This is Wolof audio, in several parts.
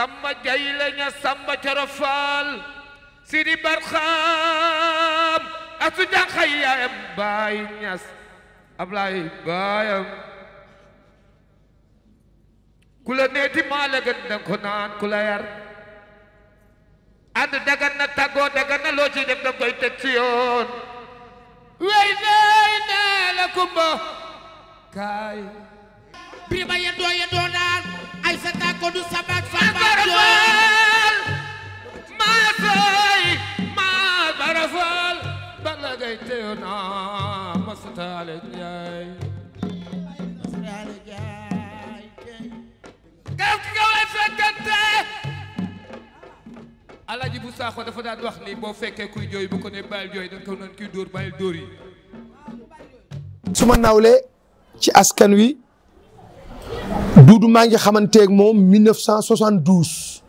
samba jayle ña samba coro faal sidi barxaam asu jànxay yaayam baay ñas ablaay baayam ku la neeti maa la gën danga ko naan ku la yar ànd dagan na tàggoo dagan na loo ci def wey nay la kumba kaay birima yendoo ay sa tàkko du naa ma jaay ma ki gaw ay fekkante alaaji bu saaxo dafa daan wax ni boo fekkee kuy jooy bu ko ne jooy danga ko naan kuy dóor bàyyil dóor yi suma nawle ci askan wi Duudu maa ngi xamanteeg moom 1972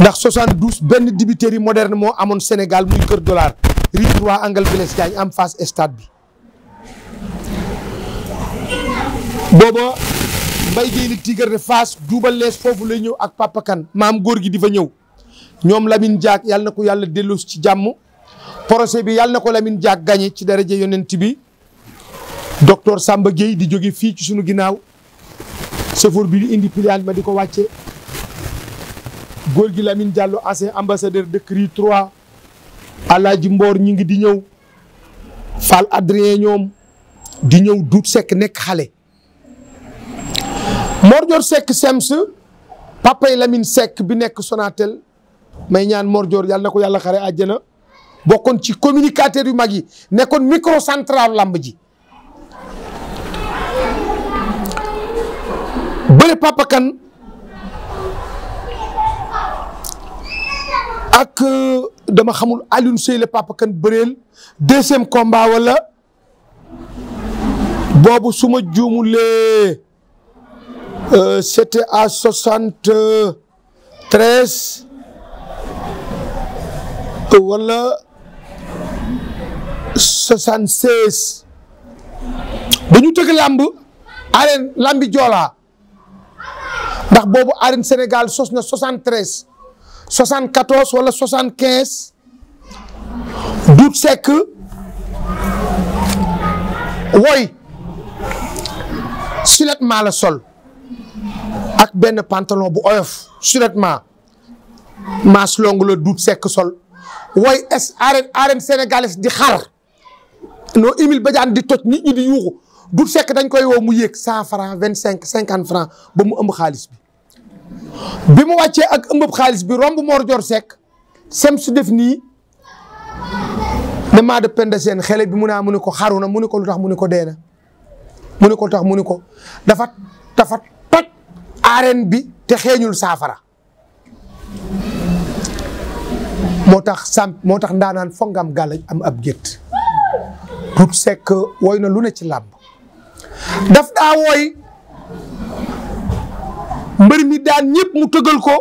ndax 72 benn dibiteri moderne moo amoon Sénégal muy Kër Dollar rue angle Blaise Diagne am face stade bi. booba Mbaye Guèye ni Tigre de Fass duubal lees foofu lay ñëw ak Papa maam góor gi di fa ñëw ñoom Lamine Diack yàlla na ko yàlla delloosi ci jàmm procès bi yàlla na ko lamin Diack gagné ci daraja yonent bi docteur Samba Guèye di jóge fii ci sunu ginnaaw. chauffeur bi di indi pliant ma di ko wàcce góor gi Lamine Diallo ancien ambassadeur de CRI 3 Alaaji Mboor ñi ngi di ñëw Fall Adrien ñoom di ñëw Dout sekk nekk xale Mor Dior Seck sems papay Lamine sekk bi nekk Sonatel may ñaan Mor Dior yàlla na ko yàlla xare àjjana bokkoon ci communicateur yu mag yi nekkoon microcentral lamb ji bëre Papa ak euh, dama xamul Alioune Seye la Papa Kane bëreel deuxième combat wala boobu suma ma juumulee euh, c'était à soixante treize wala soixante seize dañu tëgg làmb arène làmbi joolaa ndax boobu arène Sénégal sos na 73 74 wala 75 duut sekk woy survêtement la sol ak benn pantalon bu oyof survêtement manche longue la duut sekk sol woy es arène arène di xar noo Émile Badiane di toj nit di yuuxu du sekk dañ koy woo mu yéeg cent franc vingt cinq cinquante franc ba mu ëmb xaalis bi bi mu wàccee ak ëmbëb xaalis bi romb Mor Dior Seck sem su def nii ne maa de pende seen xele bi mu naa ah, mu ne ko xaru na mu ne ko lu tax mu ne ko dee na mu ne ko lu tax mu ne ko dafa dafa toj arène bi te xeeñul saafara moo tax sam moo tax ndaanaan foog am gàllañ am ab gétt Doudou Seck woy na lu ne ci làmb daf daa wooy mbër mi daan ñëpp mu tëggal ko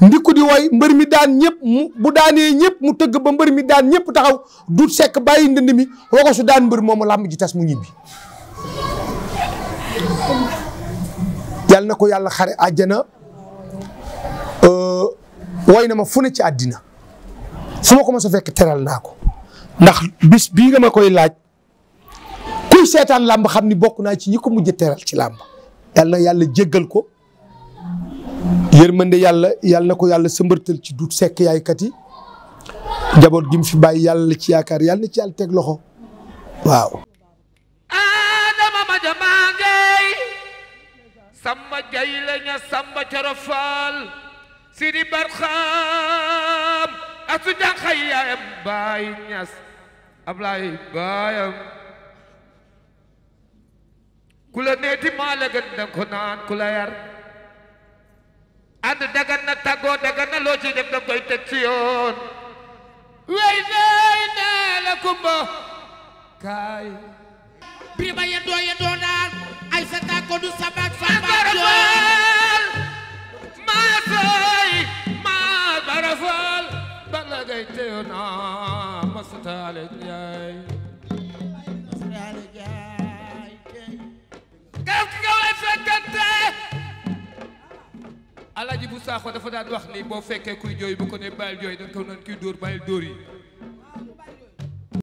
ndikku di woy mbër mi daan ñëpp mu bu daanee ñëpp mu tëgg ba mbër mi daan ñëpp taxaw duut sekk bàyyi ndënd mi woo ko su daan mbër moomu làmb ji tas mu ñibbi yàlla na ko yàlla xare àjjana euh, woy na ma fu ne ci àddina su ma ko mos a fekk teral naa ko ndax bis bii nga ma koy laaj ku seetaan làmb xam ni bokk naa ci ñi ko mujj teral ci làmb yal yàlla jéggal ko yërmande yàlla yàlla na ko yàlla sëmbërtal ci dut sekk yaaykat yi njaboot gi fi bàyyi yàlla ci yaakaar yàlla ci yàlla teg loxo waaw adama ma jamaa ngay samba jay laña samba corofal sidi barxam asu jànxay yaayam baay ñas ablaay baayam ku la neeti maa la gën naan ku la yar ànd dagan na tàggoo dagan na loo ciy def danga wey nay naa la kumba kaay birima yendoo yendoo ay sa tàggoo du sabaak sabaak yoon maa sooy maa barafal bala gay teew ma sa taale njaay Sakho dafa daan wax ni boo fekkee kuy jooy bu ko ne bàyyil jooy dañ ko naan kuy dóor bàyyil dóor yi